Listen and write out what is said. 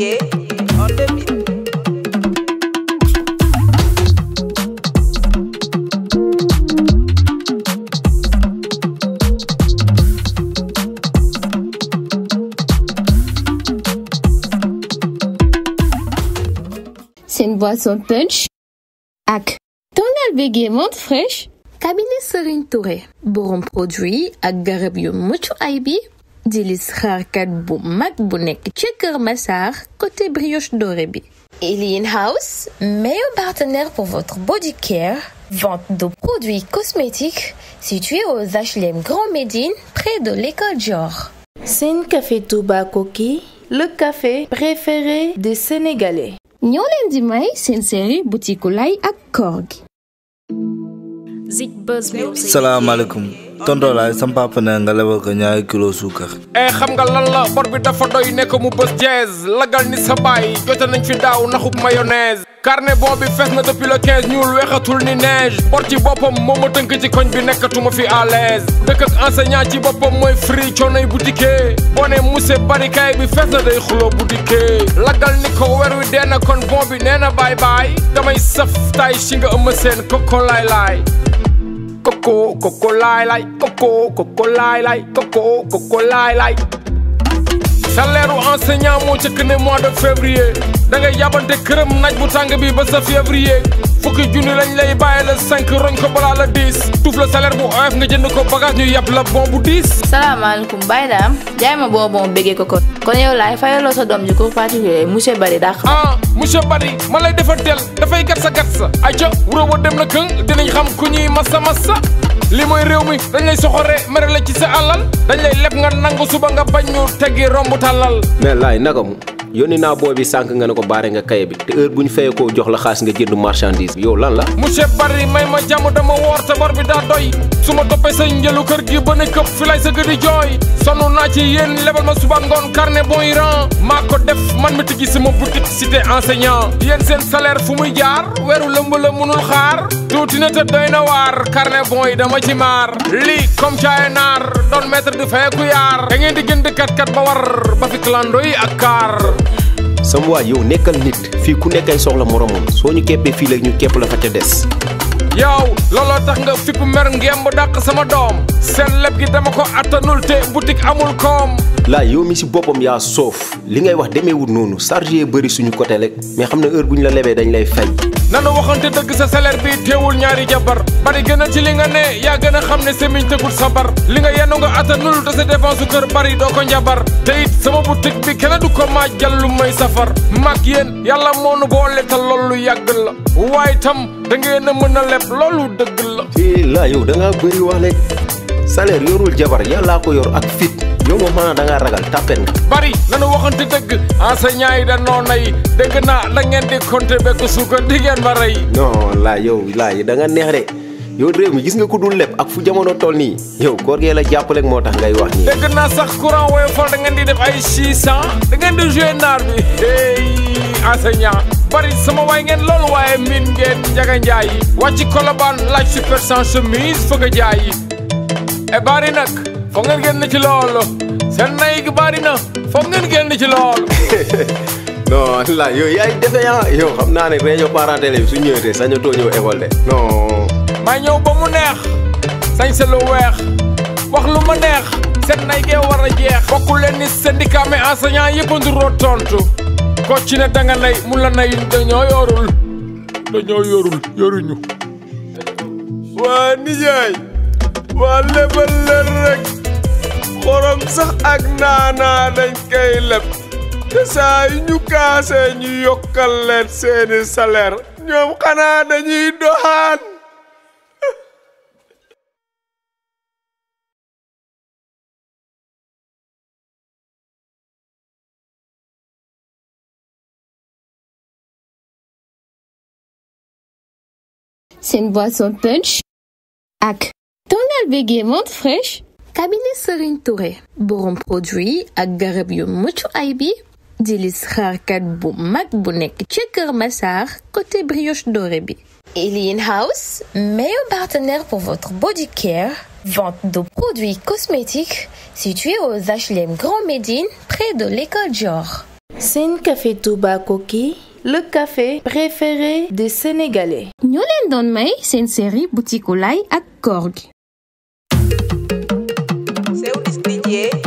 C'est une boisson punch. Ak. Tonal bégaiement fraîche. Cabinet Serine Touré. Bon produit ak garab mucho aibi di lis bu mag bu côté brioche dorée bi. House meilleur partenaire pour votre body care vente de produits cosmétiques situé aux HLM Grand Médine près de l'école Dior. une Café Touba Koki le café préféré des Sénégalais. Nous c'est une série boutique lay ak koor gi. Zik tonton laay sam papa ne nga lebal ko ñaari kilo suukar eh xam nga lan bor bi dafa doy nekk mu bës jeez lagal ni sa baay jote nañ fi daaw naxub mayonnaise carnet bon bi fees na depuis le 15 ñuul weexatul ni neige bor ci boppam moo ma tënk ci koñ bi nekkatuma fi à l'aise ak enseignant ci boppam mooy free coonoy boutique boo ne muse barikaay bi fees na day xuloo boutique lagal ni ko weer wi dee na kon bon bi nee na baay baay damay saf tay si nga ëmma seen kokko laay laay Coco, coco, lie, like, coco, coco, lie, like, coco, coco, lie, like. salaire u enseignant moo cëkk ne mois de février da ngay yabante këram naaj bu tàng bi ba sa février fukki junni lañ lay bàyyi la cinq roñ ko balaa la dix tuuf la salaire bu oyof nga jënd ko bagage ñu yab la bon bu diis. salaamaaleykum Baye Dame jaay ma boobon bëggee ko ko kon yow laay fayaloo sa doom ji cours particulier monsieur Bari daa xam. ah monsieur Bari ma lay defal teel dafay gat sa gat sa wuro wa dem na këng dinañ xam ku ñuy massa massa. li mooy réew mi dañ lay soxore mere la ci sa alal dañ lay leb nga nangu suba nga bañ ñu teggi romb tàllal mais laay nagamu yónni naa boo bi sànq nga ne ko baare nga kaye bi te heure bu ñu fayee koo jox la xaas nga jënd marchandise yow lan la monsieur Barry may ma jàmm dama woor te bor bi daa doy su ma toppee sa njëlu kër gi ba ne këpp fi lay sa gëdi jooy sonn naa ci yéen lebal ma suba ngoon carnet bon maa ko def man mi tijji sama boutique cité enseignant yéen seen salaire fu muy jaar weeru lëmb la munul xaar tuuti na te doy na waar carnet bon yi dama ci maar lii comme caaye naar doon maître du feeku yaar da ngeen di gën di sama waa yow nekkal nit fii ku nekkay soxla moromam soo ñu keppee fii léegi ñu kepp la fa ca des yow looloo tax nga fipp mer ngemb dàq sama doom seen leb gi dama ko attanul te boutique amul koom la yow mi ci bopam ya sof li ngay wax demé noonu nonu yee beuri suñu côté rek mais xamna heure buñ la lébé dañ lay fay nana waxante deug sa salaire bi téwul ñaari jabar bari gëna ci li nga né ya gëna xamné xam ne semiñ tëgul sabar li nga yenu nga atanul do sa défense cœur bari do ko njabar té it sama boutique bi kenn du ko ma lu may safar yeen yalla mo nu bolé ta lolu yàgg la way tam da ngeen mëna mën lolu deug la dëgg la. da nga bëri wax salaire yorul jabar la ko yor ak fit yow mo man da nga ragal tapen bari nanu waxante deug enseignant yi da nonay deug na la ngeen di konté be ko suko ngeen ma rey non la yow la yi da nga neex de yow rew mi gis nga ko dul lepp ak fu jamono tol ni yow koor ge la jappale moo ngay wax ni deug na sax courant way fal da ngeen di def ay 600 da ngeen di jouer nar bi hey enseignant bari sama way ngeen lol waye min ngeen jaga njaay wàcc kolobaan laaj super sans chemise fëgg jaay e bari nag foog ngeen génn ci loolu seen nay gi bari na foog ngeen génn ci loolu. non la yow yaay defe yaa yow xam naa ne réunion parents d'élèves su ñëwee te sañatoo ñëw école de non. ma ñëw ba mu neex sañ sa lu weex wax lu ma neex seen nay gee war a jeex. bokkul leen ni syndicat mais enseignant yëpp a nduroo tontu ko ci ne danga nay mu la nay dañoo yorul dañoo yorul yoruñu. waa nijaay. waa lebal leen rek xorom sax ak naanaa dañ koy leb te saa ñu kaasee ñu yokkal seeni salaire ñoom xanaa dañuy doxaan seen boisson punch ak Monde fraîche cabinet serin Touré bon produit ak garab yu mucc ay bi di lis xaarkat bu mag bu Massar côté brioche dorée bi House meilleur partenaire pour votre body care vente de produits cosmétiques situé aux HLM Grand Médine près de l'école C'est une café Touba Koki le café préféré des Sénégalais Nous l'en doon c'est une série boutique au ak à É Seu Didier é?